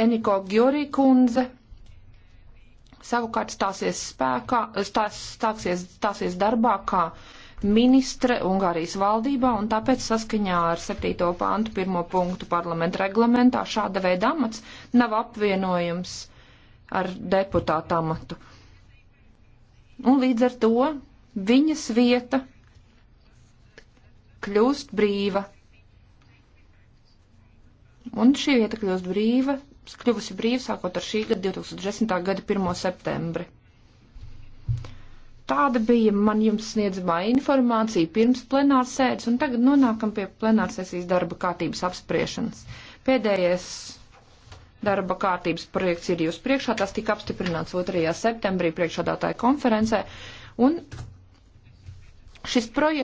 Eniko Gjorī kundze savukārt stāsies spēkā, stās, stāksies, stāsies darbā kā ministre Ungārijas valdībā, un tāpēc saskaņā ar 7. pāntu 1. punktu parlamenta reglamentā šāda veida amats nav apvienojams ar deputāta amatu. Un līdz ar to viņas vieta kļūst brīva. Un šī vieta kļūst brīva kļuvusi brīva sākot ar šī gada 2010. gada 1. septembri. Tāda bija man jums sniedzamā informācija pirms plenārsēdes, un tagad nonākam pie plenārsēsīs darba kārtības apspriešanas. Pēdējais darba kārtības projekts ir jūs priekšā, tas tika apstiprināts 2. septembrī priekšādātāja konferencē, un šis projekts.